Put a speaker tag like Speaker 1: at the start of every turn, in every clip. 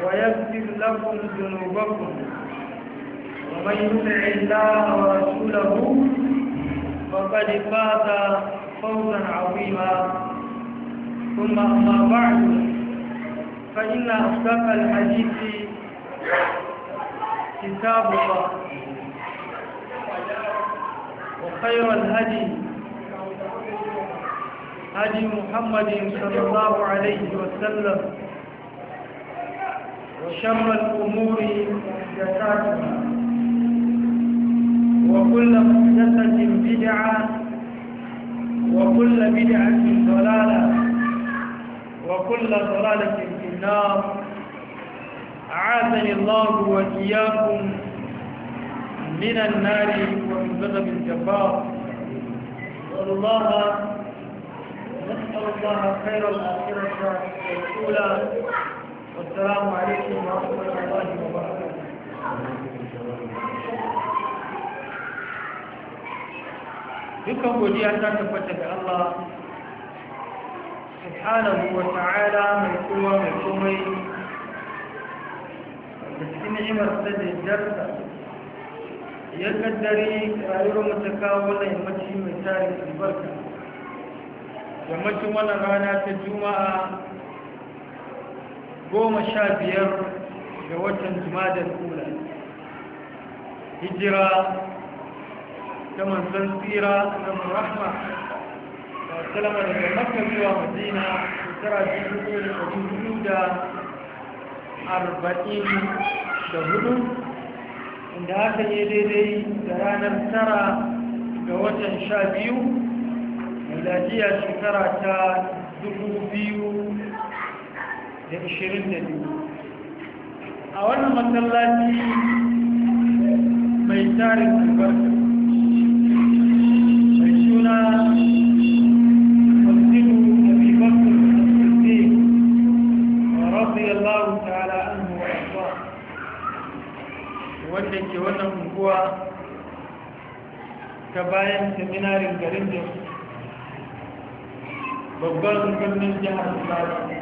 Speaker 1: ويغفر لكم ذنوبكم ومن يطع الله ورسوله فقد فاز فوزا عظيما ثم اما بعد فان اصدق الحديث كتاب الله
Speaker 2: وخير الهدي
Speaker 1: هدي محمد صلى الله عليه وسلم وشر الأمور محدثاتها وكل محدثة بدعة وكل بدعة ضلالة وكل ضلالة في النار أعاذني الله وإياكم من النار ومن غضب الجبار نسأل الله
Speaker 2: نسأل الله خير
Speaker 1: الآخرة والأولى والسلام عليكم ورحمة الله وبركاته dukkan godiya ta tabbata ga Allah subhanahu wa ta'ala mai kowa mai komai da cikin ni'imar ta da jarta ya kaddare rayuwar mu ta kawo wannan mai tarin albarka rana ta juma'a قوم الشابير جوتن جمادة الأولى هجرة كما سنسيرة كما رحمة السلام عليكم مكة بيوة مدينة ترى جيبين وجود جودة أربعين شهر عند هذا يديدي دران ترى جوتن شابيو ولا جيا شكرة تا دبو بيو da ishirin da biyu a wannan matsalaci mai tarin albarka mai suna masjidu da bibakun da sirte radiyallahu ta'ala an muwa wanda ke wannan unguwa ta bayan seminarin garin da babban birnin jihar Bukari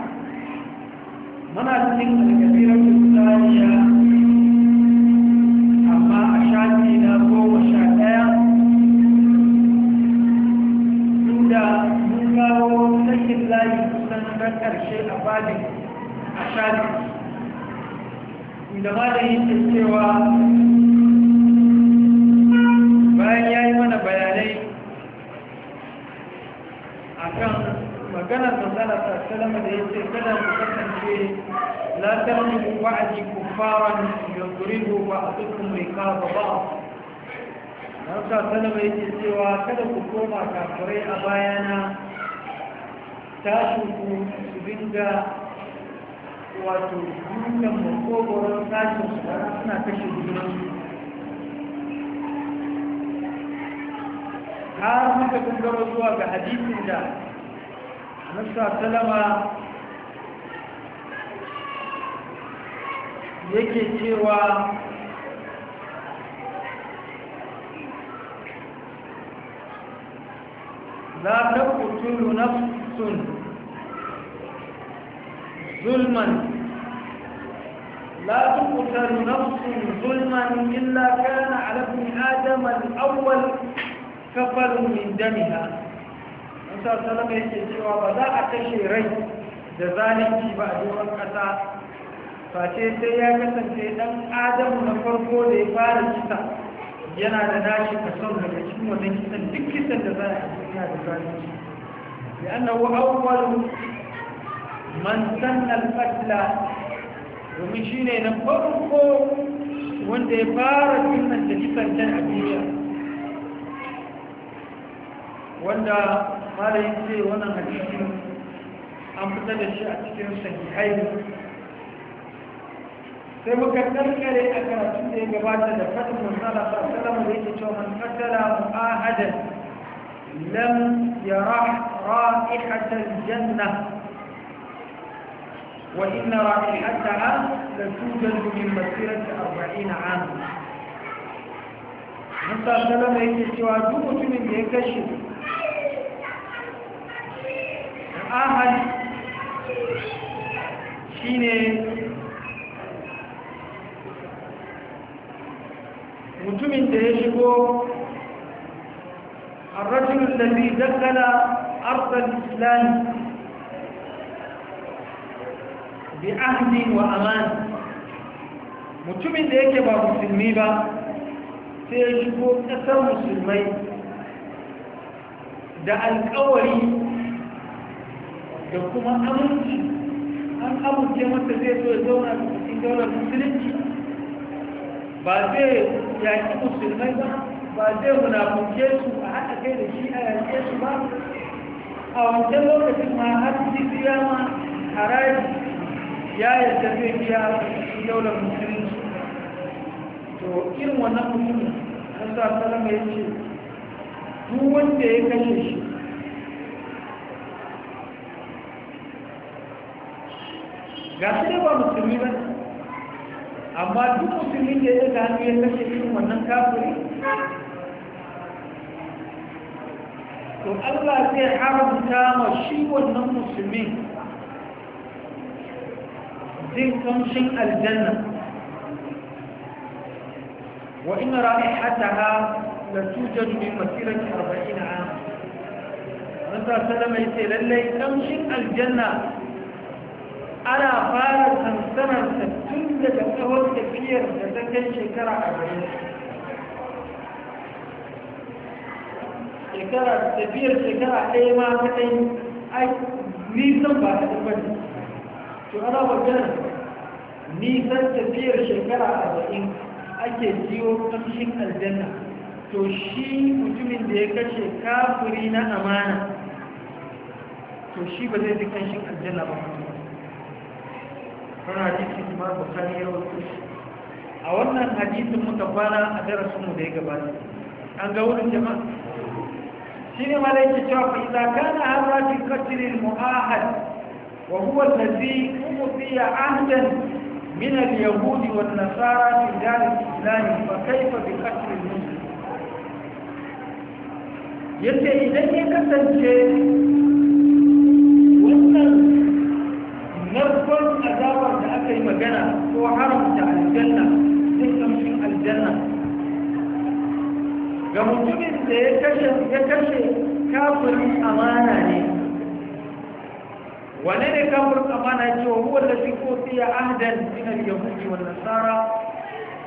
Speaker 1: mana cikin alkabirar tuttaniya amma a shafi na goma sha ɗaya duda mun kawo sakin layi kusan na ƙarshe a fadin a shafi inda ma da yake cewa Allah sallallahu Salama da yace kada ku kasance la tarmu ba'di kuffaran yudribu ba'dukum riqaba ba'd Allah sallallahu alaihi yace cewa kada ku koma kafirai a bayana tashin ku su wato dukan makogoron tashin su suna kashe junansu har muka gangaro zuwa ga hadisin da nasa salama yake cewa la taqtulu nafsun zulman لا تقتل نفس ظلما إلا كان على ابن آدم الأول كفر من دمها sa salama yake cewa ba za a kashe rai da zalunci ba a doron ƙasa face sai ya kasance dan adamu na farko da ya fara kisa yana da nashi kason daga cikin wannan kisan duk kisan da za a duniya da zalunci da annahu awwalu man sanna al domin domin shine na farko wanda ya fara kisan da kisan a duniya wanda malayin ce wannan hadisin an fitar da shi a cikin sahihai sai muka karkare a karatun da ya gabata da fadin musala sa salama da yake cewa man katara mu'ahadan lam ya ra'ihatal janna wa inna ra'ihata a da وإن رائحتها لتوجد من مسيرة أربعين عاما. Musa Salama yake cewa duk mutumin da ya kashe ahad shine mutumin da ya shigo الرجل الذي دخل أرض الإسلام بعهد وأمان mutumin da yake ba musulmi ba sai ya shigo ƙasar musulmai da alƙawari da kuma aminci an amince masa zai zo ya zauna cikin daular musulunci ba zai yaki musulmai ba ba zai munafunce su a haɗa kai da shi a yake su ba a wancan lokacin ma har biya ma haraji ya yarda zai biya cikin daular musulunci to irin wannan mutumin har sa salama ya ce duk wanda ya kashe shi ga shi ne ba musulmi ba amma duk musulmi da ya daga hannu ya kashe irin wannan kafiri to Allah zai haramta ma shi wannan musulmin jin kamshin aljanna wa ina ra'ihataha la tujadu min masirati 40 am. Rasul sallallahu alaihi wasallam yace lallai kamshin aljanna ana fara ta tun daga tsohon tafiyar da ta kai shekara gari shekara tafiyar shekara ɗaya ma kaɗai ai nisan ba ta ɗin to ana wajen nisan tafiyar shekara a gari ake jiwo ƙamshin aljanna to shi mutumin da ya kashe kafuri na amana to shi ba zai ji ƙamshin aljanna ba wani hadisi kuma bukari ya rufe a wannan hadisin muka kwana a darasin mu da ya gabata an ga wurin jama'a shi ne mala yake cewa fa idza kana hadha fi qatl al muahad wa huwa alladhi umdiya ahdan min al yahudi wan nasara fi dar al islam fa kayfa bi qatl al muslim
Speaker 3: yace idan ya kasance
Speaker 1: wannan narkon azab كلمة جنة هو حرم تعالى الجنة تلكم في الجنة جمجون إذا يكشف يكشف كافر أمانة ونين كافر أمانة هو الذي قوتي أهدا من اليهود والنصارى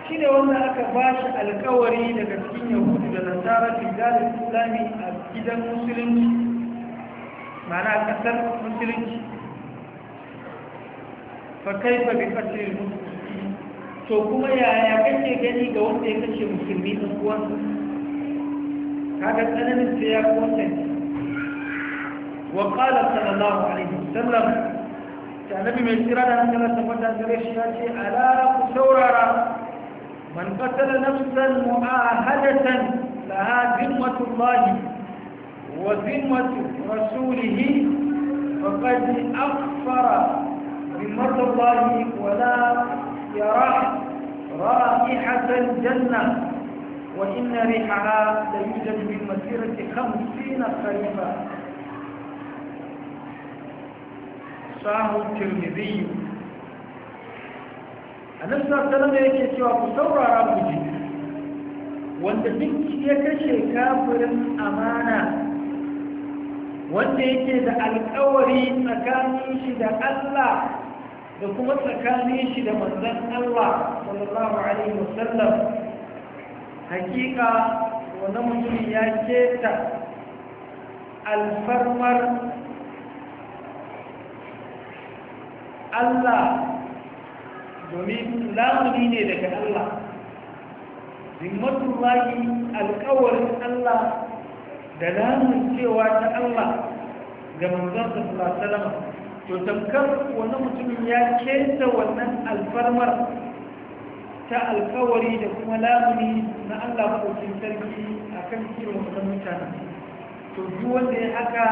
Speaker 1: كنا وانا أكباش الكوري لكتين يهود والنصارى في دار الإسلامي أبدا مسلم معنى أكثر مسلم فكيف بقتل المسلمين شو كما يا جاني جاني جاني مسلمين أكوان هذا أنا من سياقون وقال صلى الله عليه وسلم تعلم من سيرانا أن لا تفتا تريشي أشي ألا سورارا من قتل نفسا معاهدة لها ذمة الله وذمة رسوله فقد أغفر ذمة الله ولا يرى رائحة الجنة وإن ريحها ليوجد من مسيرة خمسين خريفا صاحب الترمذي annabi sallallahu alaihi yake cewa ku saurara ku ji wanda duk ya kashe kafirin amana wanda yake da alƙawari tsakanin shi da Allah da kuma tsakanin shi da manzan Allah sallallahu alaihi wasallam hakika wani mutum ya keta alfarmar Allah domin lamuni ne daga Allah zimmatullahi alkawarin Allah da lamun cewa ta Allah ga manzan sallallahu alaihi wasallam to tamkar wani mutumin ya keta wannan alfarmar ta alkawari da kuma lamuni na allah kokin sarki a kan kiran wannan mutanen to duk wanda ya haka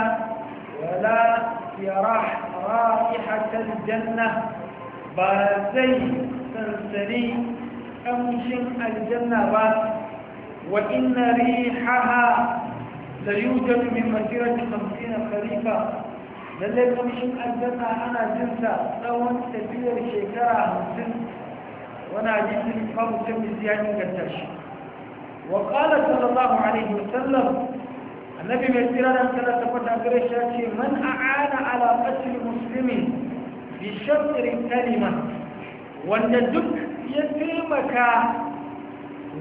Speaker 1: wala yara ra'ihatar janna ba zai sansari ƙamshin aljanna ba wa inna rihaha da yujadu min masirati 50 khalifa lallai kamshin aljanna ana jinsa tsawon tafiyar shekara hamsin wani hadisin babu tabbiz ya inganta shi wa qala sallallahu alaihi wasallam annabi mai tsira da kala ta fata gare shi ce man a'ana ala qatl muslimin bi shartin kalima wanda duk ya taimaka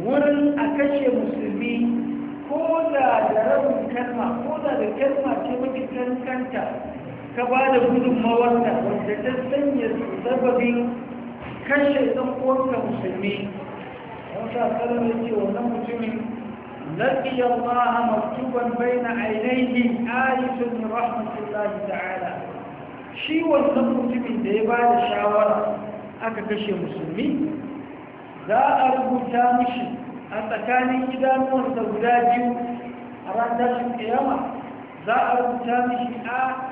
Speaker 1: wurin a kashe musulmi ko da da rabin kalma ko da da kalma ce mutum kankanta ka ba da da wanda ta sanya sababin kashe ɗan uwanka musulmi wata kalmar ce wannan mutumin لقي الله مكتوبا بين عينيه آيس من رحمة الله تعالى Shi wannan mutumin da ya ba da shawara aka kashe musulmi za a rubuta mishi a tsakanin idanuwarsa guda biyu a ran tashin kiyama za a rubuta mishi a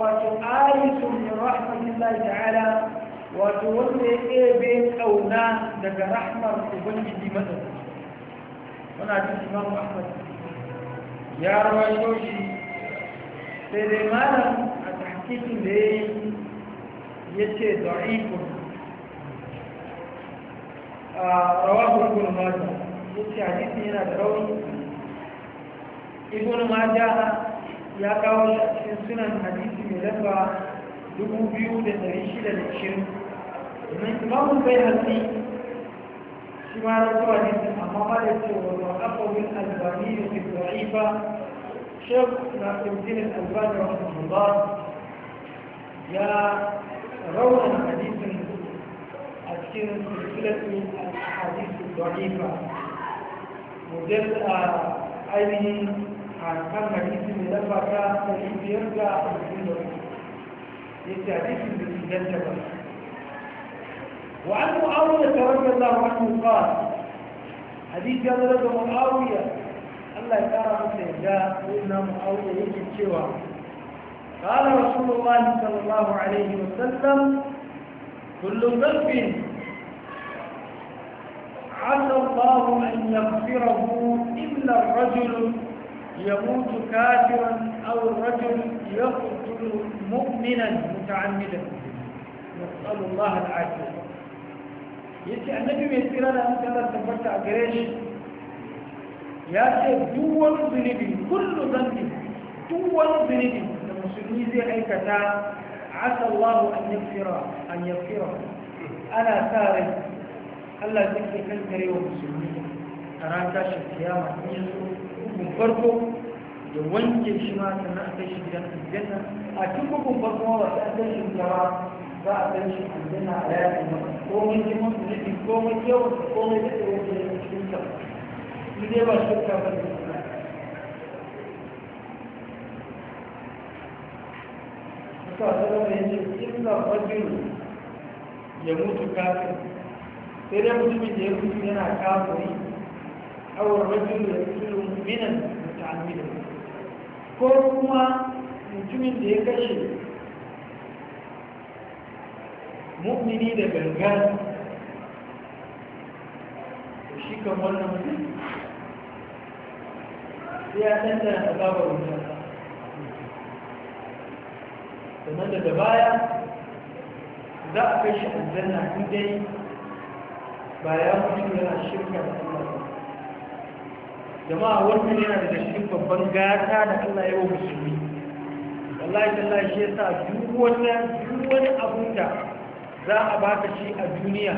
Speaker 1: وتآيس من رحمة الله تعالى وتولي إبن إيه أونا لك رحمة أبنجي مثلا هنا الإمام أحمد يا رويوشي سليمان التحقيق لي يتي ضعيف آه، رواه ابن ماجه يتي حديث هنا بروي ابن ماجه ya kawo shi a cikin sunan hadisi mai lamba 2620 domin imamun bai hatsi shi ma na zuwa ne amma ba da ce wa zuwa afawin albani da ke zuwa'i ba shek na ɗaukin albani wa ba ya raunar hadisin a cikin silsilatu a hadisin za'ifa mujalla ainihin akan hadisi mai lambata ta yi biyar da hamsin وعن معاوية رضي الله عنه قال حديث هذا لدى معاوية الله يقرأ مثل جاء قلنا معاوية يجد شوى قال رسول الله صلى الله عليه وسلم كل ذنب عسى الله أن يغفره إلا الرجل يموت كافرا أو رجل يقتل مؤمنا متعمدا نسأل الله العافية yace annabi mai tsira da mutane tabbata a gare shi ya ce duk wani zunubi kullu zambi duk wani zunubi da musulmi zai aikata asa Allahu an yafira an yafira ana sa rai Allah zai kankare wa musulmi a ran tashin kiyama in yi hukun farko da wanke shi ma ta na kai shi gidan aljanna a cikin hukun farko ma ba an kai shi gaba za a kai shi aljanna a yayin da komai su komai yawan su komai da tsoro da cikin dai ba zama mai fajiru ya mutu kafin, sai dai mutumin da ya mutu yana kafin أو الرجل يقتل مؤمنا متعمدا كوكما mutumin da ya kashe mu'mini da gangan shi kan wannan mutum sai ya tantana azabar wuta sannan daga baya za a kai shi aljanna in dai ba ya mutu yana shirka da jama'a wannan yana daga cikin babban gata da Allah ya yi wa musulmi wallahi tallahi shi yasa duk duk wani abunda da za a baka shi a duniya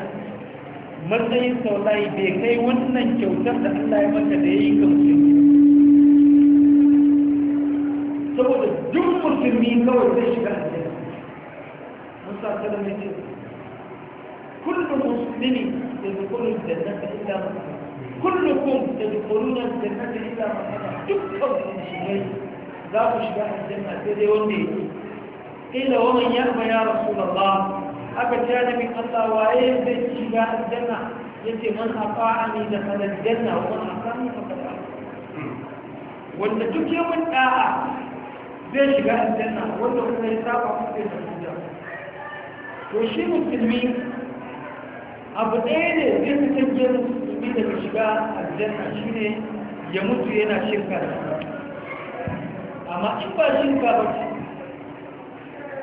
Speaker 1: matsayin saulayi bai kai wannan kyautar da Allah ya maka da ya yi ga musulmi saboda duk musulmi kawai zai shiga a jira musa kada mai ce kullum musulmi ne da zukunin da na ka illa كلكم تدخلون الجنة إلا رحمة إبقوا من شبه لا تشبه الجنة ودي إلا ومن يأمى يا رسول الله أبت يا نبي قطع وعين شبه الجنة يتي من أطاعني دخل الجنة ومن أطاعني فقد أطاع وانت تكي يوم آآ زي شبه الجنة وانت من يتابع في الجنة وشي من تلمين أبت أيدي زي مثل جنس da shiga aljanna shi ne ya mutu yana shirka da shi amma in ba shirka ba ce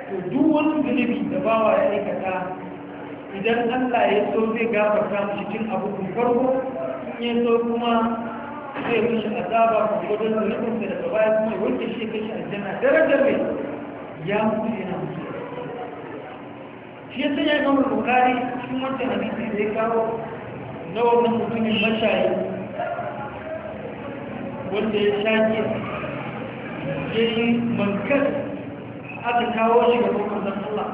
Speaker 1: to duk wani zunubi da bawa ya aikata idan allah ya so zai gafarta mashi cin abubuwan farko in ya so kuma zai mishi azaba ko don da daga baya kuma ya wanke shi ya kai shi aljanna darajar mai ya mutu yana mutu shi ya sanya kamar bukari cikin wancan hadisi da ya kawo na wannan mutumin mashayi wanda ya shaƙi ya yi mankar aka kawo shi ga manzan Allah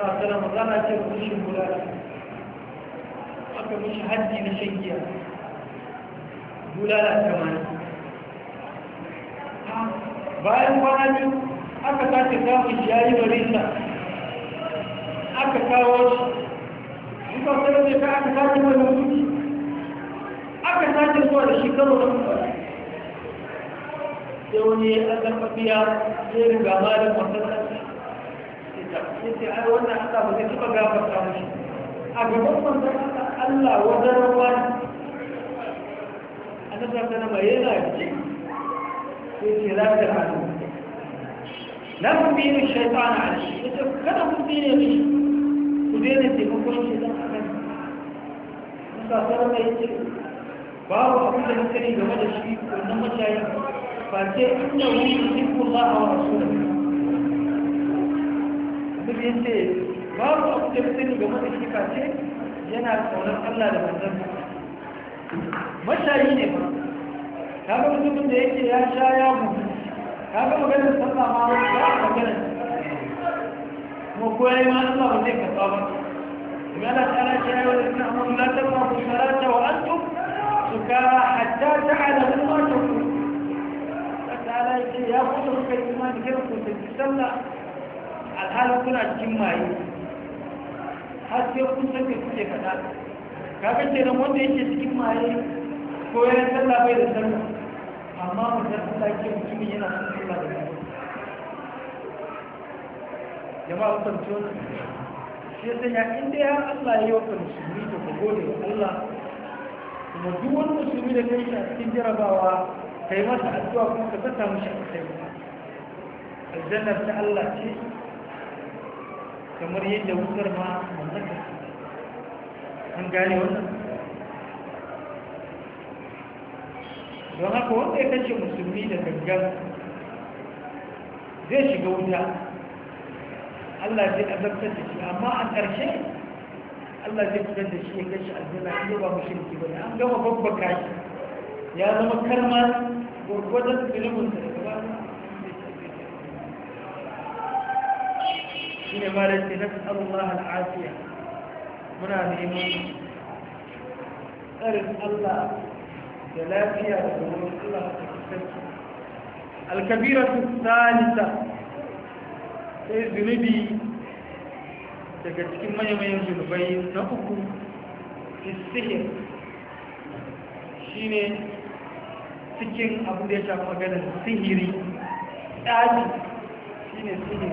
Speaker 1: ta tsara mazana ce da mushin bulala aka mushi hajji na shan giya bulala kamar bayan kwana biyu aka sake samun shi ya yi marisa aka kawo shi صلى الله عليه وسلم aka sace mai mutunci aka sace zuwa da shi karo da kuma sai wani an zarfafiya ya riga malin masallaci sai ce ai wannan Allah ba zai taɓa gafarta mushi a gaban manzon Allah wajen wani annabi sallallahu alaihi wasallam yana ji sai ce la ta hadu la kun bi ni shaytan ali yace kada kun bi ni ku daina taimakon shaytan sasar da yake babu abin da muka ne game da shi wannan ba ce inda wani abin da muka ne game da shi ba ce yana tsoron Allah da mashayi ne ba ga mutumin da yake ya sha ya mutu ka ga maganar sallah a kuma ko ma Allah ba zai
Speaker 2: karɓa ba ملك أنا يا إنهم لا تقربوا الصلاه وأنتم سكارى حتى تعلموا ما
Speaker 1: تقولون تعالى يا قدر كلمات كلكم تتسلى alhalin kuna cikin maye har sai kun san me kuke faɗa kaga kenan wanda yake cikin maye ko yana sallah bai da sallah amma mutum Allah ke mutumin yana son da jama'a wannan shi sanya inda ya Allah ya yi wa musulmi ta ku gode wa Allah kuma duk wani musulmi da kai shi a cikin jarabawa ka yi masa addu'a kuma ka zata mushi a kai aljannar ta Allah ce kamar yadda wutar ma manzaka an gane wannan don haka wanda ya kashe musulmi da gangan zai shiga wuta Allah zai azabtar da shi amma a ƙarshe Allah zai fitar da shi ya gashi aljanna in ba mu shirki ba an gama babbaka shi ya zama karma gurgurdan zunubin sa da gaba shi ne ma da ce na Allah al'afiya muna neman tsarin Allah da lafiya da wurin Allah a cikin sarki الكبيرة الثالثة sai zunubi daga cikin manya-manyan zunubai na uku fisihir shi ne cikin abu da ya shafi maganar sihiri ɗaji shi ne sihiri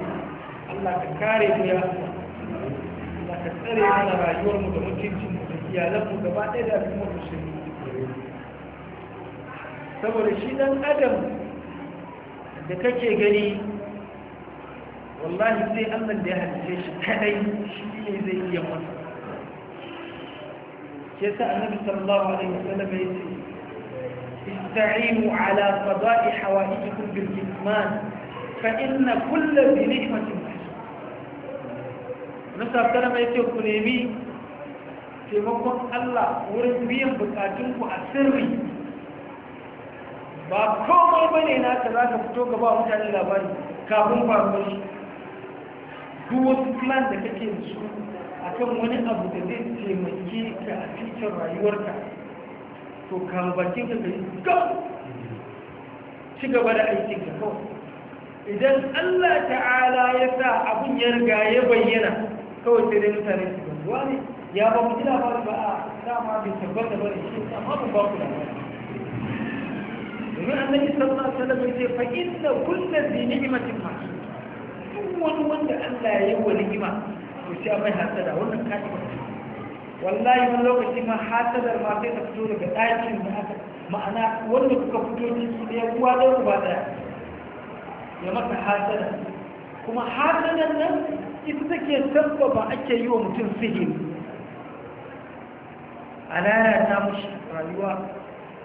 Speaker 1: allah ka kare biya
Speaker 2: allah ka tsare mana rayuwarmu da mutuncinmu da iyalanmu gaba ɗaya da abin
Speaker 1: mutushin saboda shi ɗan adam da kake gani والله زي أمن دي أهل الجيش كأي شبيه زي اليمن كيسا النبي صلى الله عليه وسلم استعينوا على قضاء حوائجكم بالجثمان فإن كل ذي نعمة نصر كلمة يتيو كنيمي في مقوم الله ورد بيهم بكاتنكو أسري باب كومو بنينا تلاتة فتوك باب جعل الله باري duwatsu plan da kake da su akan wani abu da zai taimake ka a cikin rayuwarka to kama baki ka kai go ci gaba da aikin ka kawai idan Allah ta'ala ya sa abun ya riga ya bayyana kawai sai dai mutane su gwanzuwa ne ya ba mu ina ba ba a dama bai tabbata ba da shi amma ba ba ku da ba domin annabi sallallahu alaihi wasallam ya ce fa inna kullu dhi ni'matin duk wani wanda Allah ya yi wa ni'ima to sai mai hasada wannan kaji ba wallahi wani lokaci ma hasadar ma sai ta fito daga ɗakin da aka, ma'ana wanda kuka fito su da ya kuwa da ba ɗaya ya maka hasada kuma hasadar nan ita take sabbaba ake yi wa mutum sihiri a lalata mushi rayuwa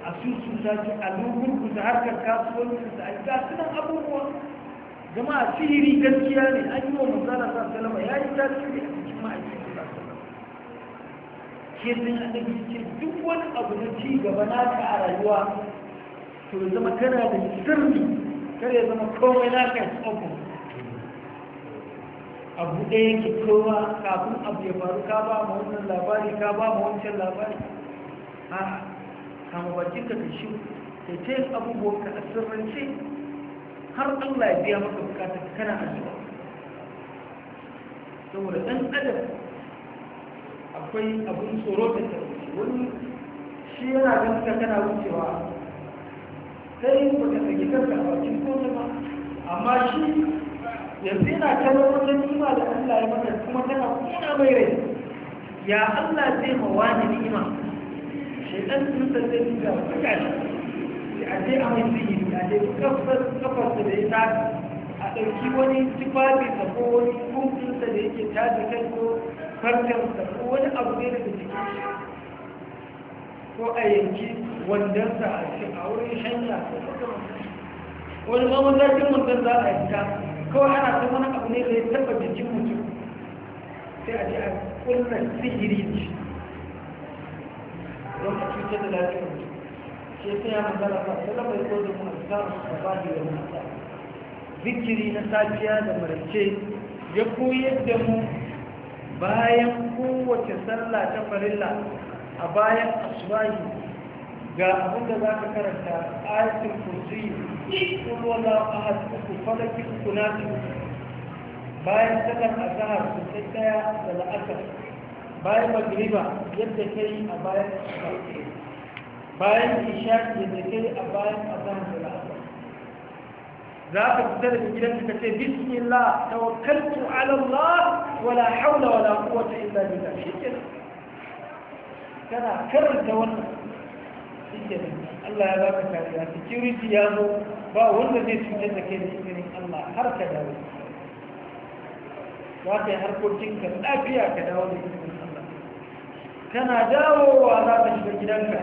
Speaker 1: a susu zaki a lugun kusa harkar kasuwancinsa a nan abubuwa jama'a sihiri gaskiya ne an yi wa manzana sa salama ya yi tasiri a cikin ma'aikin sa ke sun annabi ce duk wani abu na ci gaba na ka a rayuwa to ya zama kana da sirri kar ya zama komai na ka tsofa abu ɗaya yake kowa kafin abu ya faru ka ba ma wannan labari ka ba ma wancan labari a kama bakin ka ka shi ta yin abubuwan ka a sirrance har Allah ya biya maka bukata kana addu'a saboda dan adam akwai abun tsoro da tarbi wani shi yana ganin ka kana wucewa sai ko da kake kanka a bakin ko ba amma shi yanzu yana kallon wata ni'ima da Allah ya maka kuma kana kuna mai rai ya Allah zai ma wani ni'ima shaitan sun san zai ga mutane a ce a mai sihiri a ce kafarsa da ya tafi a ɗauki wani da ko wani kumfinsa da yake tafi kai ko farkansa ko wani abu ne daga jikin ko a yanki wandonsa a a wurin hanya ko wani mamman zafin wandon za a ta kawai ana ta wani abu ne da ya taɓa jikin mutum sai a ce a kulla sihiri don a cutar da lafiyar mutum shi ya magana ba sai da bai kodin mu da mata zikiri na safiya da maraice ya koyar da mu bayan kowace sallah ta farilla a bayan asbahi ga abin da za ka karanta ayatul kursi kul wala ahad ku falaki ku nasi bayan sallar azhar ku sai daya da la'akar bayan magriba yadda kai a bayan asbahi bayan ishaƙi da kai a bayan azan da la'asar za ka fita daga gidan ka ce bismillah tawakkaltu ala Allah wala haula wala kowace illa billah shikenan kana karanta wannan shikenan Allah ya baka kariya security ya zo ba wanda zai cutar da kai da izinin Allah har ka dawo za ka yi harkokin harkokinka lafiya ka dawo da izinin Allah kana dawowa za ka shiga gidanka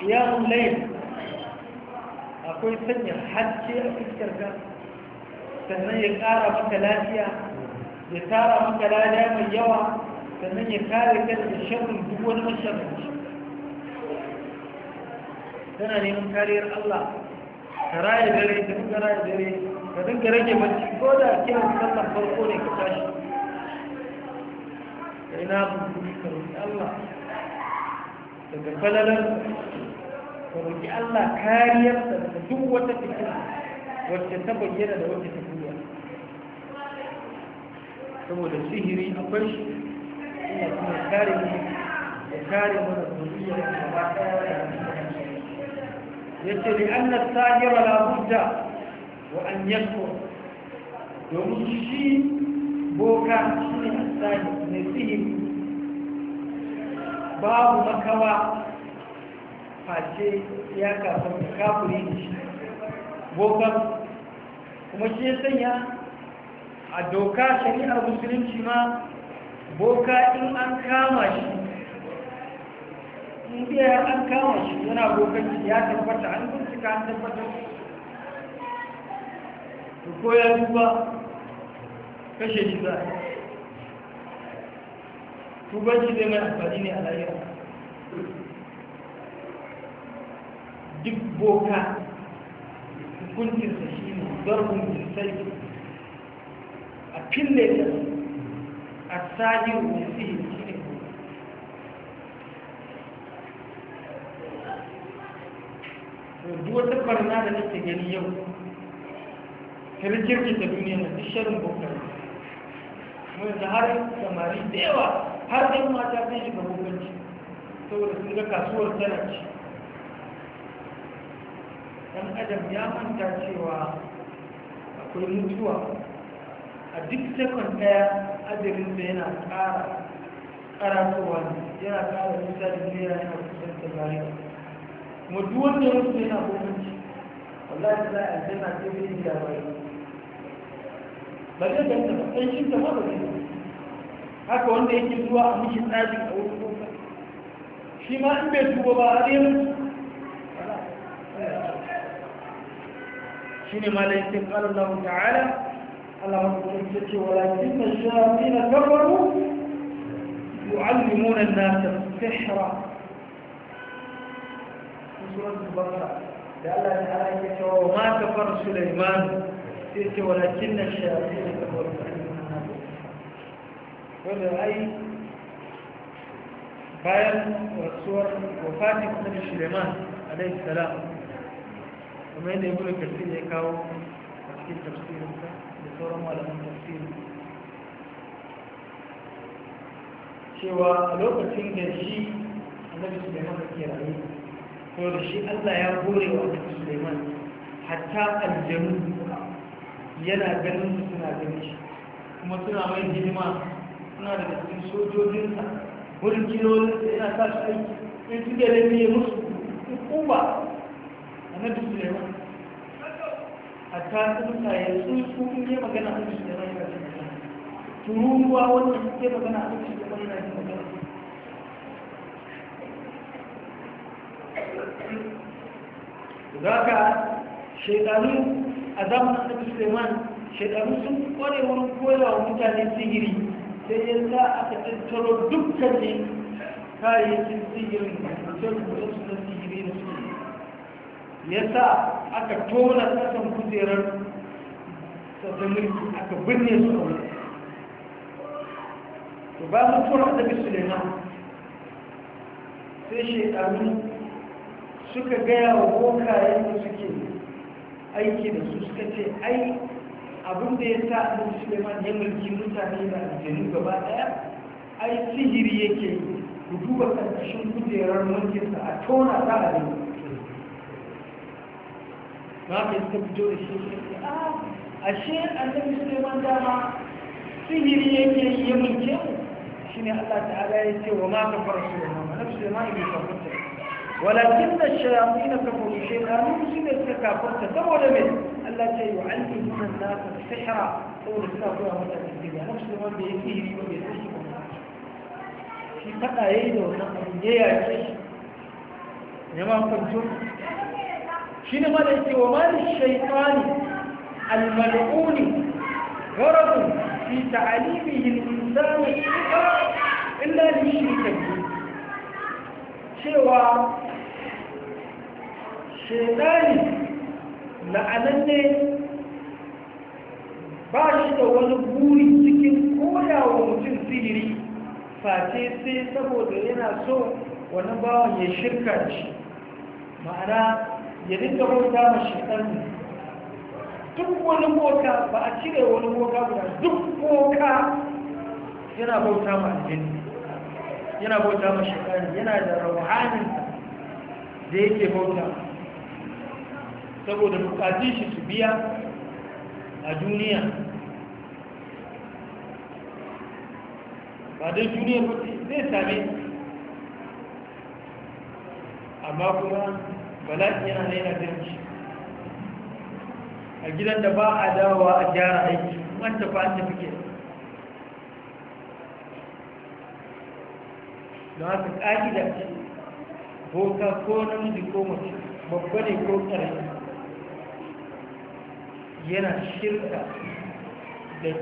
Speaker 1: قيام الليل أقول فني حد شيء أفكر ذا سنن يقارى بثلاثية يتارى بثلاثية من يوى سنن يقارى كذلك الشر الدوة من الشر سنة لي من كارير الله كراي جري كم كراي جري كذن كراي جي من شكودا كي أفكر الله فرقوني كتاش إنا بكم الله تقفل لنا ka roƙi Allah kariyarsa daga duk wata fitina wacce ta bayyana da wacce ta buya
Speaker 2: saboda sihiri akwai shi
Speaker 1: ina kuma kare mu da kare mu da zuriya ba ta yace li anna sahira la budda wa an yakfur domin shi boka shi ne asali ne sihiri babu makawa face ya kafin da kafuri da shi bokan kuma shi ya sanya a doka shari'ar musulunci ma boka in an kama shi in biya an kama shi yana shi ya tabbata an bincika an tabbata su koya duba kashe shi za a tubanci zai mai amfani ne a layar boka hukuncinsa shi ne zarfin jinsai a fille ta a sahiru mai sihiri shi ne duk wata barna da nake gani yau kirkirki ta duniya na duk sharin bokar wanda har samari da yawa har ɗan mata sun shiga bokanci saboda sun ga kasuwar tana ci dan adam ya manta cewa akwai mutuwa a duk sekon ɗaya da yana kara ƙaratowa yana kara nisa da jera yana kusan ta bari kuma duk wanda ya mutu yana hukunci wallahi za a na ta bai da bari bari da ta ba shi ta mara ba haka wanda yake zuwa a mishi tsaji a wurin kofa shi ma in bai tuba ba a yanzu شنو مالي قال الله تعالى الله تبارك ولكن الشياطين كفروا يعلمون الناس السحر في سورة البقرة قال الله تعالى وما كفر سليمان ولكن الشياطين كفروا قال أي بايل رسول وفاتك من سليمان عليه السلام kuma yadda ibn kasir ya kawo a cikin tafsirinsa da sauran malaman tafsiri cewa a lokacin da shi annabi Sulaiman ke rayu to da shi Allah ya gore wa annabi Sulaiman hatta aljanu yana ganin su suna ganin shi kuma suna mai hidima suna da cikin sojojinsa wurin kilolin da yana sa su aiki in su gare ne musu hukuma na dusulaiman a ta tsubuta ya tsuntsu in yi magana a cikin yana yana cikin magana tururuwa wannan suke magana a cikin yana na cikin magana za ka shekaru a zamanin da suleiman shekaru sun kware wurin koya wa mutane sigiri sai ya sa aka tattaro dukkanin kayayyakin sihirin da ke da su na sihiri ya sa aka tona kasan kujerar sassanin aka binne su a wani su ba su tura da bisulina sai shekaru suka gaya wa boka da suke aiki da su suka ce ai abin da ya sa abin suleiman ya mulki mutane da aljanu gaba daya ai sihiri yake yi ku duba karkashin kujerar mulkinsa a tona ta a yi haka suka fito da shi ashe annabi suleiman dama sihiri yake ya mulke mu shine Allah ta'ala ya ce wa ma kafara suleiman annabi suleiman bai kafarta walakin ash-shayatin kafaru shay'an shi ne suka kafarta saboda me Allah ce yu'allimuna an-nasa sihra saboda suna koya mutane sihiri annabi suleiman bai sihiri ba bai sihiri ba shi fada yayi da wannan abin ya yace shi ne ma kwanto shi ne ma da yake wa mali shaitani almal'uni gharabun fi ta'alimihi al-insani illa li shirka cewa shaitani la'ananne ba shi da wani buri cikin koyawa mutum sihiri face sai saboda yana so wani bawan ya shirka ma'ana ya dinga bauta ma shekaru duk wani mota ba a cire wani mota guda duk mota yana bauta ma aljini yana bauta ma shekaru yana da rauhanin da yake bauta saboda bukatun shi su biya a duniya ba don duniya zai same amma kuma bala'i yana na yana a gidan da ba a dawowa a gyara aiki an tafi an tafi ke don haka ƙa'ida ce boka ko namiji ko mace babba ne ko ƙarfi yana shirka da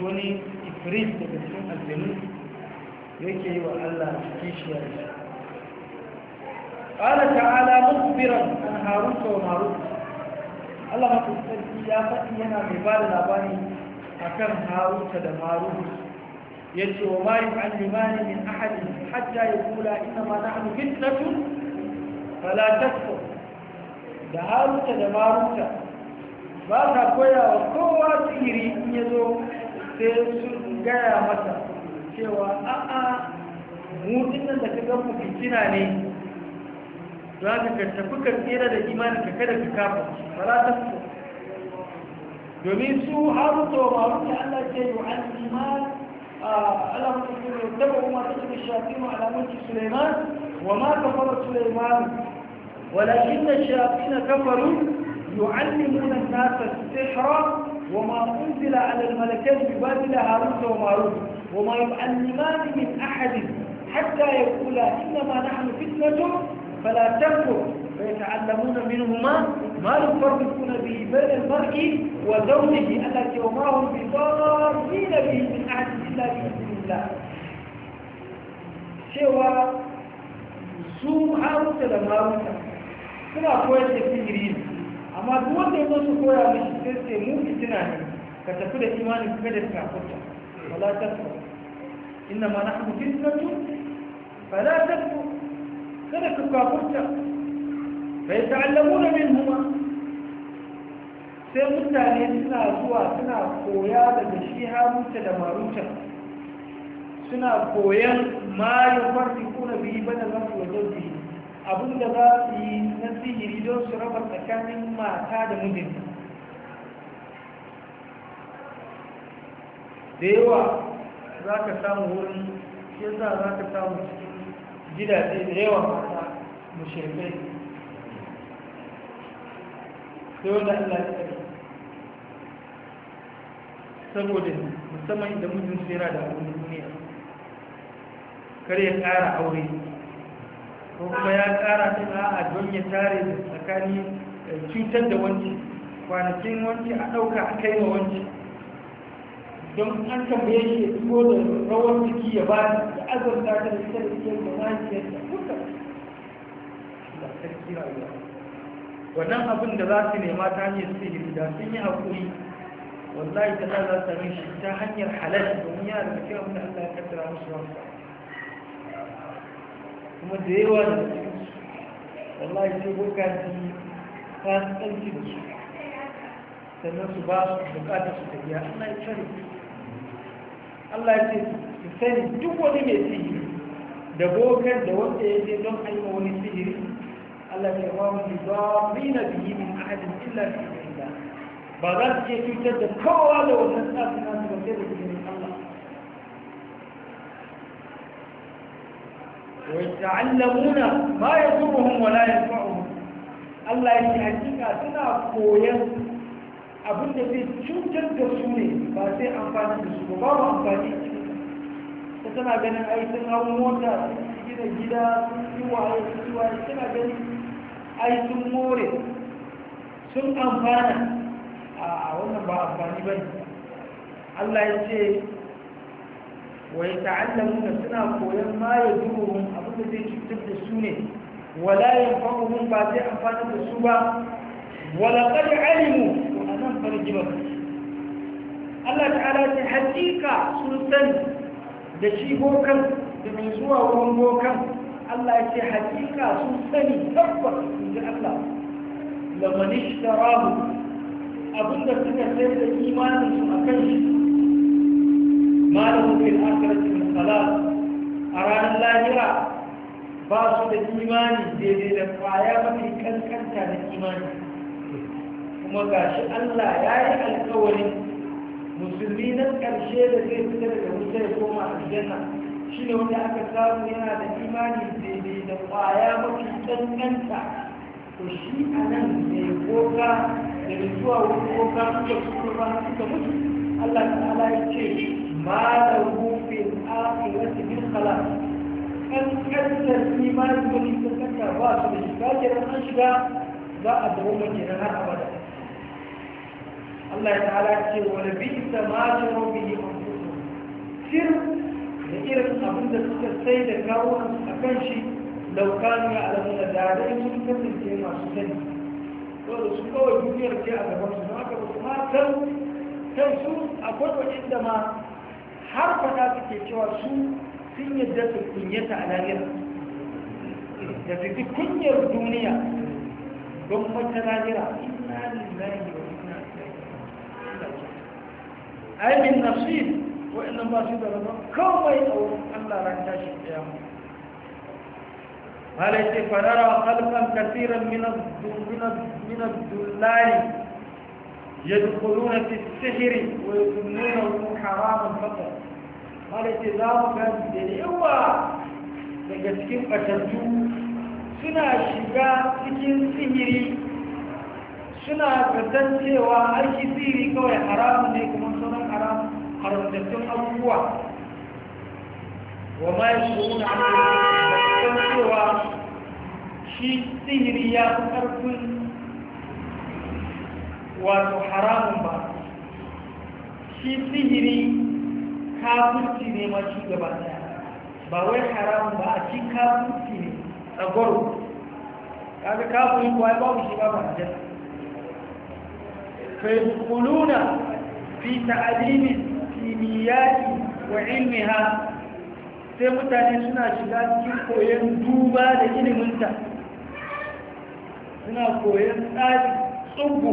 Speaker 1: wani ifrit daga cikin aljanu yake yi wa allah kishiyar shi قال تعالى مخبرا عن هارون وماروت الله مكتبتي يا فتي ينا مبال لاباني أكم هاروت وماروت يجي وما يعلمان من أحد حتى يقولا إنما نحن فتنة فلا تكفر da haruta da maruta ba ta koya wa kowa tsiri in ya zo sai sun gaya mata cewa a'a mutum da ka gan mu fitina ne za ka ka tafi ka tsira da imanin ka kada ka kafa ba za ta fito domin su haruto ma wani Allah ce yi an iman Allah mutu su ne daba kuma ta cikin shafi ma alamunci Suleiman wa ma kafara Suleiman walakin da shafi na kafaru يعلمون الناس السحر وما أنزل على الملكين ببابل هاروت وماروت وما يعلمان من أحد حتى يقولا إنما نحن فتنة فلا تكفر ويتعلمون منهما ما يفرقون به بين المرء وزوجه التي وماهم بضارين به من احد الا باذن الله سوى سوءها وسلامها كما قلت في جريد اما دون ان تكون مشكله ممكن ان تكون ايمان كبير في الحقوق فلا تكفر انما نحن فتنه فلا تكفر kada su kafurta bai ta'allamu da min huma sai mutane suna zuwa suna koya daga shi harunta da maruta suna koyan mayu farfi kuna biyu bane za su wajen biyu za su yi na sihiri don su raba tsakanin mata da mijinta da yawa za ka samu wurin yadda za ka samu ciki? gidaje da yawan mata mushirkai sai wanda Allah ya tsari saboda musamman idan mutum su yana da abin duniya kar ya ƙara aure ko kuma ya ƙara ba a don ya tare da tsakani eh, cutar da wanci kwanakin wanci a ɗauka a kai wa wanci don an tambaye shi ya fito da rawar jiki ya ba da azurta da ita da ita da mahaifiyar da kuka da sarki rayuwa wannan abin da za su nema ta hanyar sihiri da sun yi haƙuri wallahi ta za su sami shi ta hanyar halal domin ya da kyau abin da Allah ya kaddara musu wasa kuma da yawa da wallahi sai bukati ta tsanci da su sannan su ba su bukatar su tafiya Allah ya tsare Allah ya ce su sani duk wani mai sihiri da bokan da wanda ya je don an yi wani sihiri Allah ya ba mu yi na biyi min ahadin illa fi illa ba za su iya cutar da kowa da wannan tsafi na su ba sai da izinin Allah wa ta'allamuna ma yadurruhum wa la yanfa'uhum Allah ya ce hakika suna koyan abin da zai cutar da su ne ba sai amfani da su ba ba amfani ta tana ganin ai sun hau mota sun gina gida sun yi waye sun yi tana ganin ai sun more sun amfana a wannan ba amfani ba ne Allah ya ce wa ya ta'allamu da suna koyon ma ya duhun abin da zai cutar da su ne wala ya fa'uhun ba sai amfani da su ba wala qad alimu asfar jibar Allah ta'ala ta hakika sun sani da shi bokan da mai zuwa wurin bokan Allah ya ce hakika sun sani tabbas in ji Allah lamanish tarahu abinda suka sayar da imanin su kan shi malamu fil akhirati min salat a ranar lahira ba su da imani daidai da kwaya mafi kankanta da imani kuma gashi Allah ya yi alkawari musulmi na ƙarshe da zai fita daga wuta ya koma aljanna shi ne wanda aka samu yana da imani daidai da ƙwaya mafi ƙanƙanta to shi a nan mai koka da mutuwa wani koka suka suka ba suka mutu Allah ta'ala ya ce ma da rufin akirati min khalas ƙanƙantar imani wani ƙanƙanta ba su da shiga kenan an shiga za a dawo mai kenan har abada Allah ta'ala ce wani bi ta ma ta robi ne sir da irin abin da suka sai da kawo a kan shi laukanu ya alamu da dare sun kasance masu sani saboda su kawai duniyar ce a gaban su haka ba su ma san kan su akwai wajen da ma har fada suke cewa su sun yadda su kunyata a lahira da su kunyar duniya don wata lahira inna lillahi wa ai min nasib ko inda ba su da rama kawai a wurin Allah ran tashi daya mu hala ce farara kalkan kasiran min adullahi ya dukkulu na fi sihiri ko ya dukkulu na wurin haramun fata hala ce za mu ga da yawa daga cikin ɓatattu suna shiga cikin sihiri suna zartan cewa aiki siri kawai haramun ne kuma sunan haram haramtattun abubuwa wa ma yi shuru na zartan cewa shi sihiri ya fi ƙarfin wato haramun ba shi sihiri kafirci ne ma shi gaba daya ba wai haramun ba a shi kafirci ne Ya fi kafin kuwa ya babu shi babu a jasa فيدخلون في تعليم الكيمياء وعلمها sai mutane suna shiga cikin koyon duba da iliminta suna koyon tsari tsubu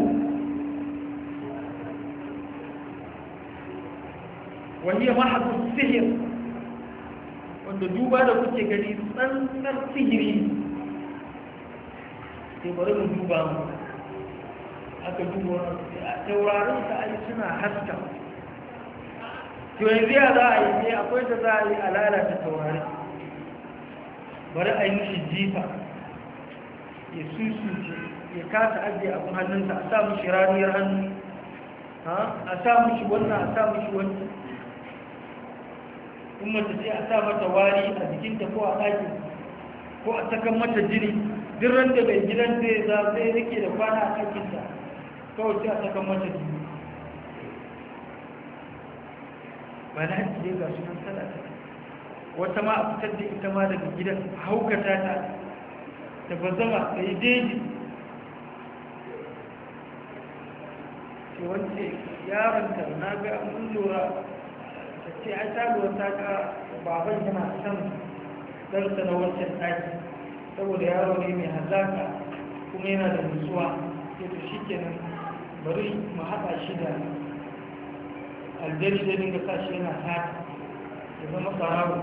Speaker 1: wani mahaifu sihir wanda duba da kuke gani tsantsar sihiri sai duba aka duba taurarin sa ai suna haska to yanzu ya za a yi ne akwai da za a yi alala ta taurari bari a yi shi jifa ya susuce ya kasa ajiye abin hannunsa a sa mushi raniyar hannu a sa mushi wannan a sa mushi wani in mace ce a sa mata wari a jikinta ko a ɗakin ko a takan mata jini duk randa mai gidan zai za zai rike da kwana a cikinta kawai ce a saka mata jini ba na hanci dai ga sunan talata wata ma a fitar da ita ma daga gidan haukata ta da ba zama ta yi daidai ce wance yaron ta na ga mun lura ta ce a ta lura ta ka baban yana son darsa na wancan ɗaki saboda yaro ne mai hazaka kuma yana da nutsuwa ke to shi kenan bari mu haɗa shi da aljari zai dinga sa shi yana haka ya zama ɓarawo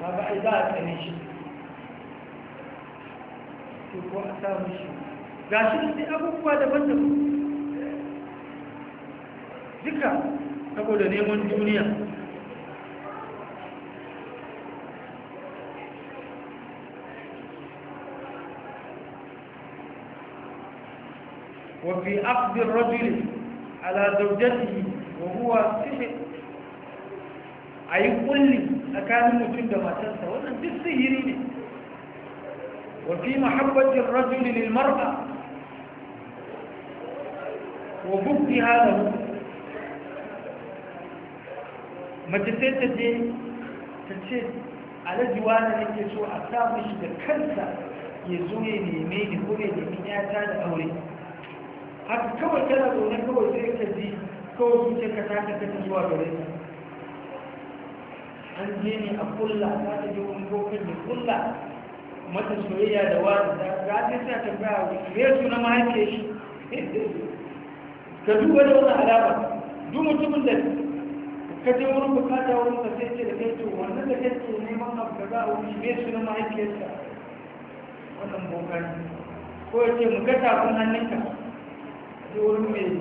Speaker 1: ba ba ai za a tsane shi ko ko a sa shi ga shi sai abubuwa daban-daban duka saboda neman duniya وفي عقد الرجل على زوجته وهو سحر أي كل أكان مجد ما تنسى وأنا بالسهر وفي محبة الرجل للمرأة وبغضها له mace ta je ta ce alajuwa na nake so a samun shi da kansa ya zo ya neme ni ko ya nemi yata da aure haka kawai kana zaune kawai sai ka ji kawai zuciyar ka ta kasa zuwa gare ta an je ne a kulla ta ta je wani bokan da kulla mata soyayya da wani za ta sa ta baya me suna mahaifiyar shi
Speaker 2: ka duba da wani alama
Speaker 1: duk mutumin da ka je wani bukata wani ka sai ce da kai to wannan da kai to neman abu ka za a wuri su na mahaifiyarsa wannan bokan ko ya ce mu ga tafin hannunka sai wurin mai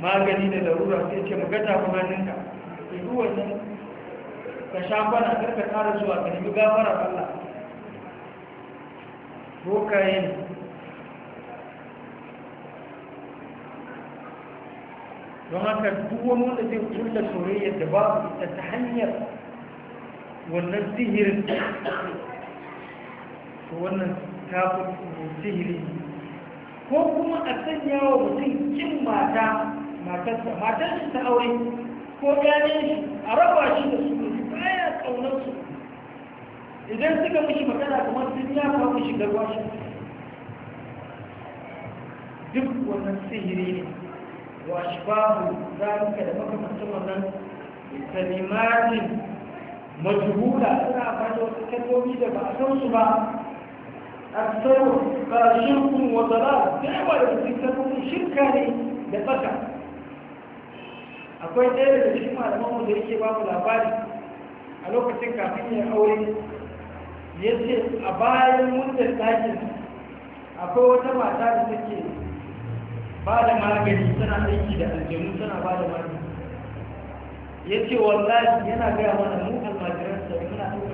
Speaker 1: magani da larura sai ce mu gata mu hannunka da duk wannan ka sha kwana kar ka ƙara zuwa ka nemi gafara Allah bokaye ne don haka duk wani wanda zai kulla soyayya da babu ita ta hanyar wannan sihirin to wannan ta fi sihiri ko kuma a sanya wa mutum kin mata matarsa matar shi ta aure ko ƴaƴan shi a raba shi da su baya ƙaunar su idan suka mishi magana kamar sun ya fa mishi garwa shi duk wannan sihiri ne wa shi babu zalika da makamantan wannan kalimatin majhula suna amfani wasu kalmomi da ba a san su ba السبب قال شرك وضلال دعوة في السبب شركة لي لبكى akwai ɗaya daga cikin malamanmu da yake babu mu labari a lokacin kafin ya aure ya ce a bayan muddin ɗakin akwai wata mata da take ba da magani tana aiki da aljanu tana ba da magani ya yana gaya mana mu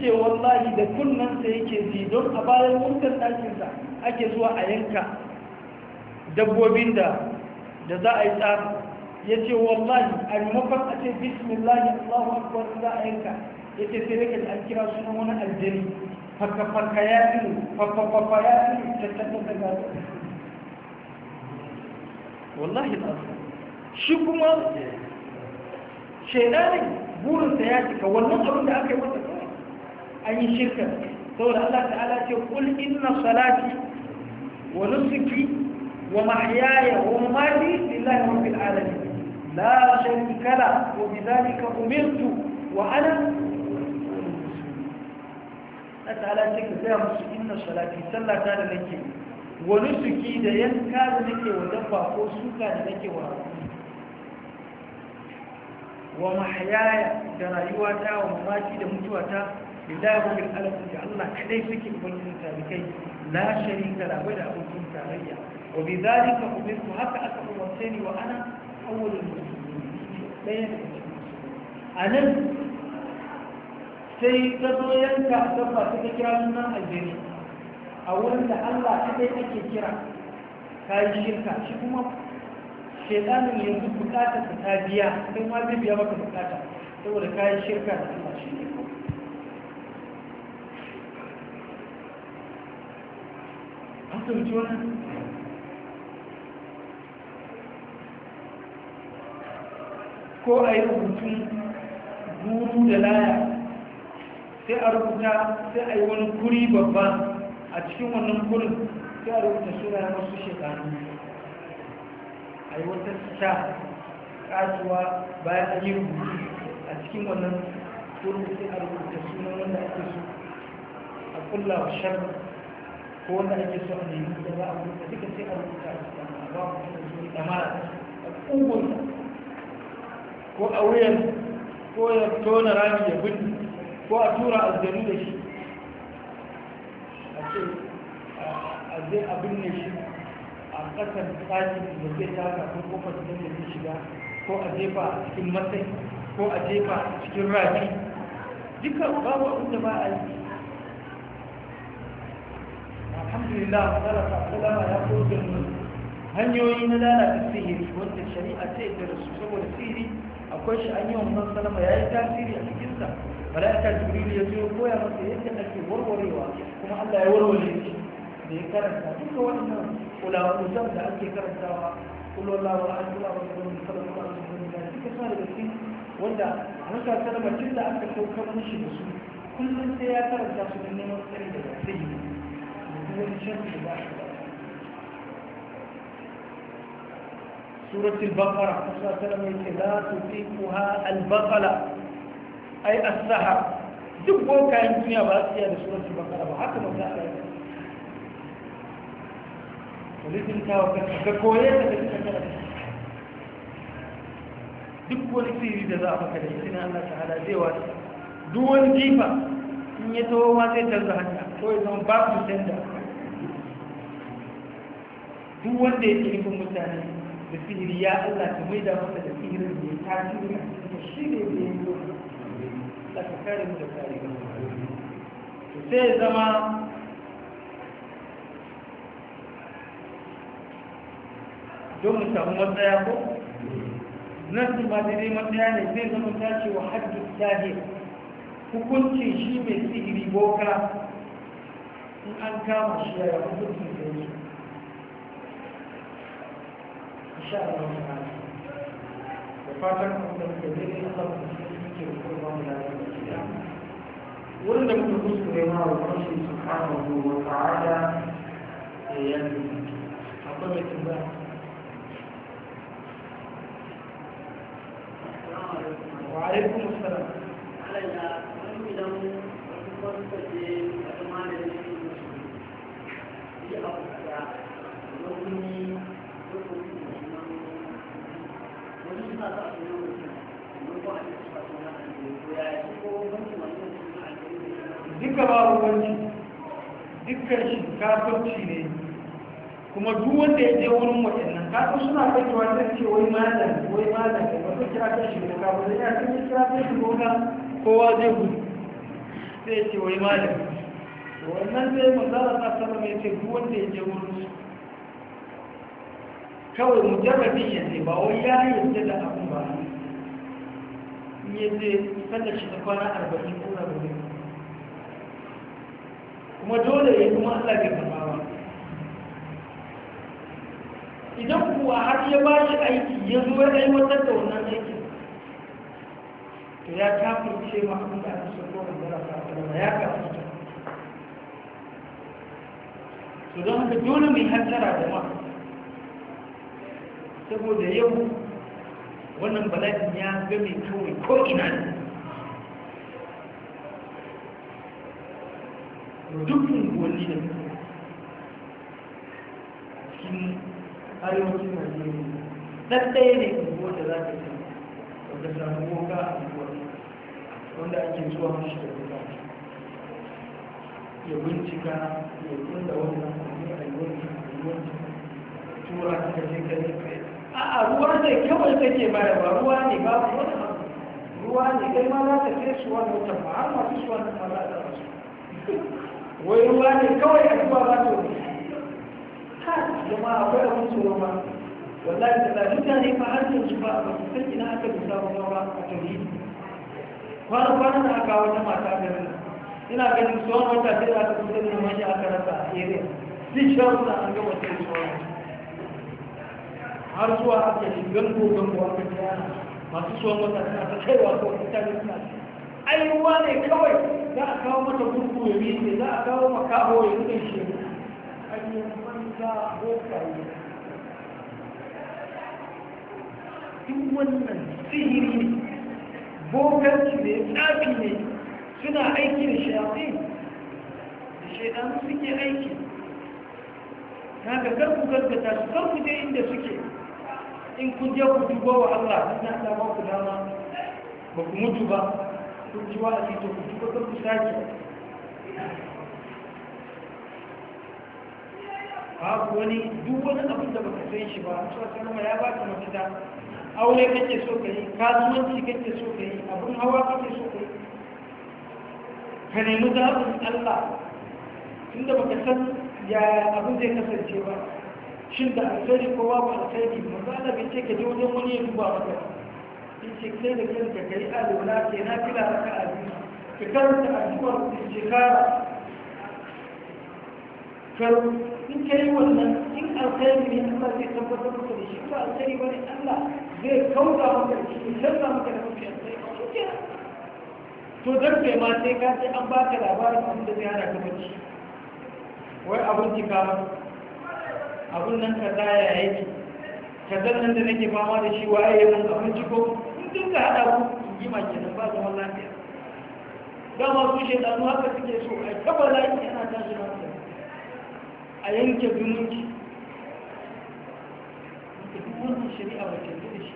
Speaker 1: ce wallahi da kunnansa yake ji don a bayan wurkan ɗakinsa ake zuwa a yanka dabbobin da da za a yi tsari ya ce wallahi a rimakon a ce bismillahi allahu akwai za a yanka ya ce sai rikar an kira sunan wani aljini fakafarka ya fi fafafafa ya fi tattattar da gaba wallahi al'adu shi kuma shaidanin burinsa ya cika wannan abin da aka yi masa an yi shirka saboda Allah ta'ala ce kul inna salati wa nusuki wa mahyaya wa mamati lillahi rabbil alamin la sharika la wa bidhalika umirtu wa ana Allah ta'ala ce ka ga musu inna salati sallata da nake wa nusuki da yanka da nake wa dabba ko suka da nake wa wa mahyaya da rayuwata wa mamati da mutuwata lillahi rabbil alamin ga Allah kadai suke ubangijin talikai la sharika la bai da abokin tarayya wa bi zalika umirtu haka aka umarce ni wa ana awwalul muslimin daya nan sai ta zo yanka dabba ta kira sunan aljini a wanda Allah kadai ake kira kayi shirka shi kuma shaidanin yanzu bukatar ta biya kai ma zai biya maka bukata saboda kayi shirka da Allah shi ne fahimci ko a yi rubutun guru da laya sai a rubuta sai a yi wani kuri babba a cikin wannan kurin sai a rubuta suna sunayen wasu shekaru a yi wata sha kasuwa bayan a yi rubutu a cikin wannan kurin sai a rubuta suna wanda ake su a kulla wa sharar ko wanda ake so a nemi da za a rubuta duka sai a rubuta a ba mu da su da mara a kungunta ko a wuyan ko ya tona rami ya bin ko a tura aljanu da shi a ce a zai abin ne shi a ƙasar tsakin da zai taka ko kofar da zai shiga ko a jefa a cikin matsayi ko a jefa a cikin rafi duka babu abin da ba a yi alhamdulillah matsala ta kulama ya koyar mu hanyoyi na lalata sihiri wanda shari'a ce da rasu saboda sihiri akwai shi an yi wa manzon salama ya yi tasiri a cikinsa malaika jibril ya zo koya masa yadda ake warwarewa kuma Allah ya warware shi da ya karanta duka wannan ulama da ake karantawa kullu da ahad Allahu samad sallallahu alaihi wasallam duka sa daga cikin wanda haka salama tun da aka saukar mishi da su kullum sai ya karanta su neman tsari daga sai wancan su ba shi ba suratul baqara Allah ta mai ce la tuqiha al-baqala ai as-sahar duk bokayen duniya ba su iya da suratul baqara ba haka mutum Allah ya to litin kawo ka koye ka da kika duk wani da za a zai wani in ya ma sai canza hanya ko ya babu duk wanda ya nufin mutane da sihiri ya Allah ta mai da masa da sihiri da ya tasiri a cikin shi ne da ya zo da ka kare mu da kare mu to sai
Speaker 2: zama
Speaker 1: don mu samu matsaya ko nasu ba da dai matsaya ne zai zama ta ce wa haddun sahir hukuncin shi mai sihiri boka in an kama shi ya hukuncin da insha Allah ta'ala da fatan da muke dai Allah ku ke
Speaker 2: kuma mu da lafiya wurin da muke kuskure ma wa shi subhanahu wa ta'ala ya yi akwai mai tambaya
Speaker 1: wa alaikum assalam
Speaker 2: Allah ya mun idan wasu kwasu duka babu wanci
Speaker 1: dukkan shi kasuwanci ne kuma duk wanda ya je wurin waɗannan kasu suna kai cewa ta ce wai malam wai malam da wasu kira ta shi boka ba zai ya kai kira ta shi boka kowa zai gudu sai ce wai da wannan zai manzara ta sama mai ce duk wanda ya je wurin su kawai mu bin ya ce ba wai ya yi yadda da abin ba in ya ce sanda shi ta kwana arba'in ko arba'in kuma dole ya kuma Allah ke karɓa idan kuwa har ya ba shi aiki ya zo ya aiwatar da wannan aikin to ya kafirce ma abin da aka so ko manzara da ya ta su don haka dole mai hantara da ma saboda yau wannan bala'in ya game kawai ko ina ne dukkan unguwanni da cikin arewacin najeriya ɗan ɗaya ne kuma da za ka ce wanda samu woka a unguwar wanda ake zuwa mashi da wuta ya bincika ya kunda wannan kuma a yi wani tura ta kaje kare kai a ruwa ne kawai kake bayar ba ruwa ne ba wani ruwa ne kai ma za ta kai su wani wata ba har masu su da ma za ta rasu wai ruwa ne kawai a zuwa za ta wani ha jama'a akwai abin tsoro ba wallahi da da mutane ba har yanzu ba ba su san ina aka bisa ba ba a tauhidi kwana kwana da aka wata mata garin ina ganin tsohon wata sai da aka kusa da manya aka rasa a area duk shawar da an gama sai tsohon har zuwa aka shi gango gango aka tsaya masu tsohon wata suna ta kaiwa ko mutane suna ai ruwa ne kawai za a kawo mata gurgu ya miƙe za a kawo makaho ya rike shi
Speaker 2: hanyar banza bokaye
Speaker 1: duk wannan sihiri ne bokanci ne tsafi ne suna aiki da shafi da shaidanu suke aiki na ga karku gaskata su karku je inda suke in kun je ku duba wa Allah na samu ku dama ba ku mutu ba kun ji wa'azi to ku ji kuka ku wani duk wani abin da baka san shi ba cewa sanarwa ya ba baka mafita aure kake so ka yi kasuwanci kake so ka yi abin hawa kake so ka yi ka nemi zaɓin allah tun da baka san ya abin zai kasance ba shin da alkhairi kowa ba alkhairi manzo Allah bai ce ka je wajen wani ya duba maka yace kai da kanka kai alwala ke na kila raka a biyu ka karanta addu'ar istikara kar in kai wannan in alkhairi ne Allah zai tabbatar maka da shi ba alkhairi bane Allah zai kauda maka da shi zai maka da mafi alkhairi to dan bai ma sai ka sai an baka labarin abin da zai hana ka bacci wai abin ki ka abun nan kaza ya yake kazan nan da nake fama da shi waye mun abinci ciko? duk hada haɗa ku yi maki don ba zaman lafiya dama su shi da haka suke so a taba in yana da lafiya a yanke zumunci da duk wannan shari'a ba ta da shi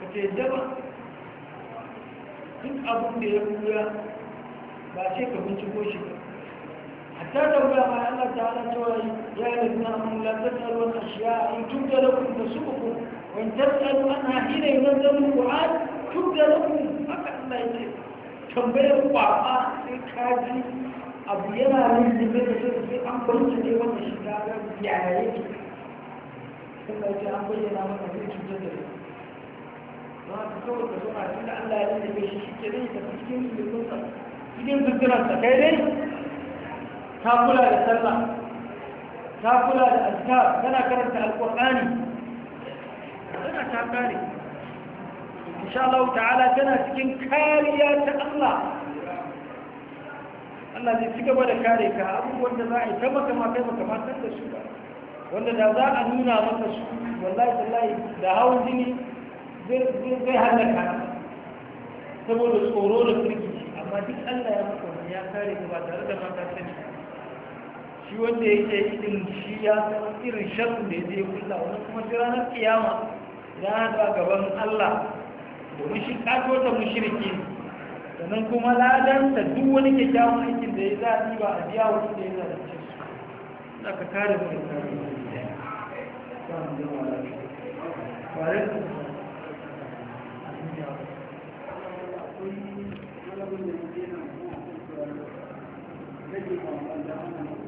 Speaker 1: ka ce daba duk abin da ya ruwa ba ce ka binci ko shi ba a ta tauya ma yana ta ala cewa ya yi da nuna amma lafiya ta shi ya in tun da rukun da su uku وإن تسألوا عنها حين ينزل tun تبدى لكم haka Allah ya tambayar kwaba sai kaji abu yana yin da zai da sai an bayyana ne wannan shiga ga yaya yake kuma ce an bayyana mana zai cutar da shi don haka kawai ka zama tunda Allah ya yi da shi shi ke rai da cikin su zuciyarsa cikin sa kai dai
Speaker 2: ta kula da sallah
Speaker 1: ta kula da azkar tana karanta alqur'ani daga ta kare insha Allah ta'ala tana cikin kariya ta Allah Allah zai ci gaba da kare ka abubuwan da za a yi ta maka kai maka ma da su ba wanda da za a nuna maka su wallahi wallahi da hawan jini zai halaka saboda tsoro da firgici amma duk Allah ya maka wani ya kare ka ba tare da mata sani shi wanda yake irin shi ya san irin sharri da zai kula wannan kuma ranar kiyama ya ga gaban Allah domin shi kato ta mushriki sannan kuma ladan duk wani kyakkyawan aikin da ya za a ba a biya wani da ya zalunce su za ka kare mu da kare mu da ya
Speaker 2: Thank you.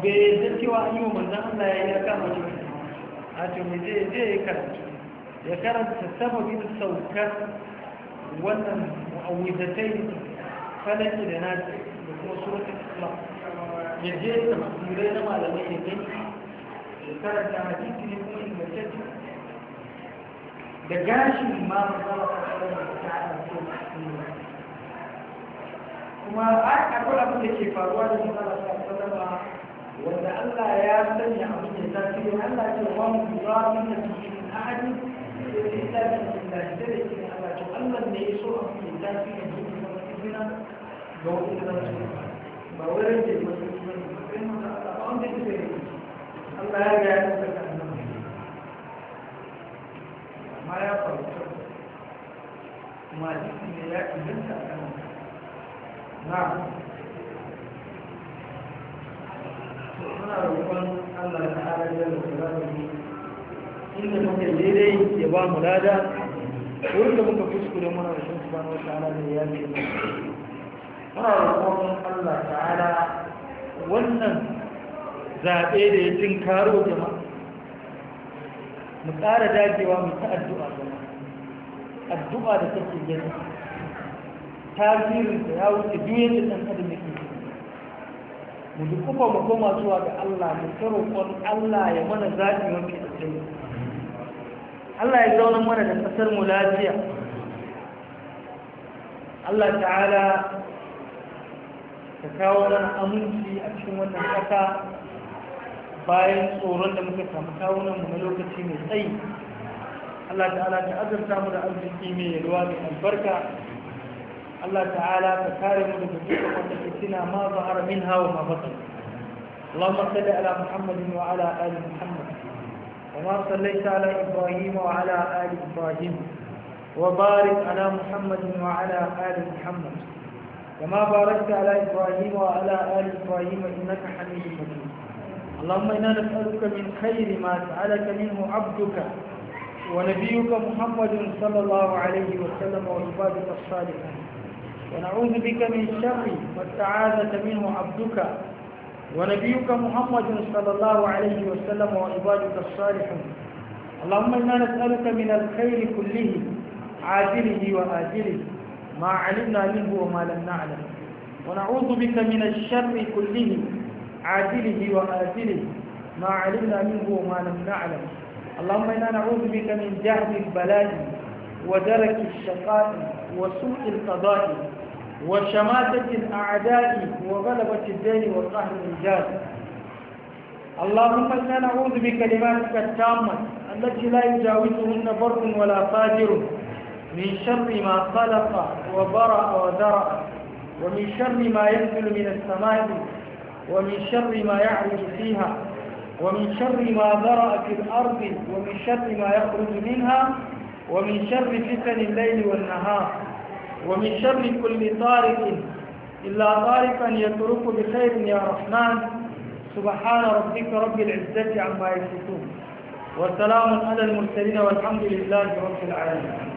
Speaker 1: bai zan cewa an yi wa manzan Allah ya yi ya kama shi a cikin mai zai ya karanta ya karanta saukar wannan mu'awizatai falaki da nasi da kuma suratun islam ya je da masurai na malamai ya gani ya karanta hadisi ne kuma ingantacce da gashin ma mazala a tsarin da ta haɗa ko kuma akwai abin da ke faruwa da mazala a wanda Allah ya sanya abin da zafi ne Allah ce wa mu ba mu da cikin ahadi sai da zafi da da da cikin Allah to Allah ne ya so abin da zafi ne cikin kuma cikin ga wani da zafi ba wurin da ya so cikin ba kai mu da Allah ba wanda ya Allah ya ga ya saka amma ya faru ما جئت من الله إلا أنت نعم muna roƙon Allah ta ala da zarafi
Speaker 2: inda muke daidai ya ba mu lada wurin da
Speaker 1: muka kuskure muna da shi subhanahu wa ta'ala da ya ce muna roƙon Allah ta ala wannan zaɓe da ya cin karo jama'a mu ƙara dagewa mu ta addu'a jama'a addu'a da take gani tasirin da ya wuce duk yadda ɗan adam yake mu duk kuma mu koma zuwa ga Allah mu karo kon Allah ya mana zaɓi mafi alheri Allah ya zauna mana da kasar mu lafiya Allah ta'ala ta kawo mana aminci a cikin wannan ƙasa bayan tsoron da muka samu kawunan mu na lokaci mai tsayi Allah ta'ala ta azurta mu da arziki mai yalwa mai albarka الله تعالى ka kare mu daga dukkan wata fitina ma zahara minha wa ma batan Allahumma salli وما صليت على إبراهيم وعلى آل إبراهيم وبارك على محمد وعلى آل محمد كما باركت على إبراهيم وعلى آل إبراهيم إنك حميد مجيد اللهم إنا نسألك من خير ما سألك منه عبدك ونبيك محمد صلى الله عليه وسلم وعبادك الصالحين ونعوذ بك من الشر والسعادة منه عبدك ونبيك محمد صلى الله عليه وسلم وعبادك الصالحون اللهم إنا نسألك من الخير كله عاجله وآجله ما علمنا منه وما لم نعلم ونعوذ بك من الشر كله عاجله وآجله ما علمنا منه وما لم نعلم اللهم إنا نعوذ بك من جهل البلاء ودرك الشقاء وسوء القضاء وشماتة الأعداء وغلبة الدين والقهر الرجال اللهم إنا نعوذ بكلماتك التامة التي لا يجاوزهن بر ولا فاجر من شر ما خلق وبرأ وذرأ ومن شر ما ينزل من السماء ومن شر ما يعرج فيها ومن شر ما ذرأ في الأرض ومن شر ما يخرج منها ومن شر فتن الليل والنهار ومن شر كل طارق إلا طارقا يترك بخير يا رحمن سبحان ربك رب العزة عما يصفون وسلام على المرسلين والحمد لله رب العالمين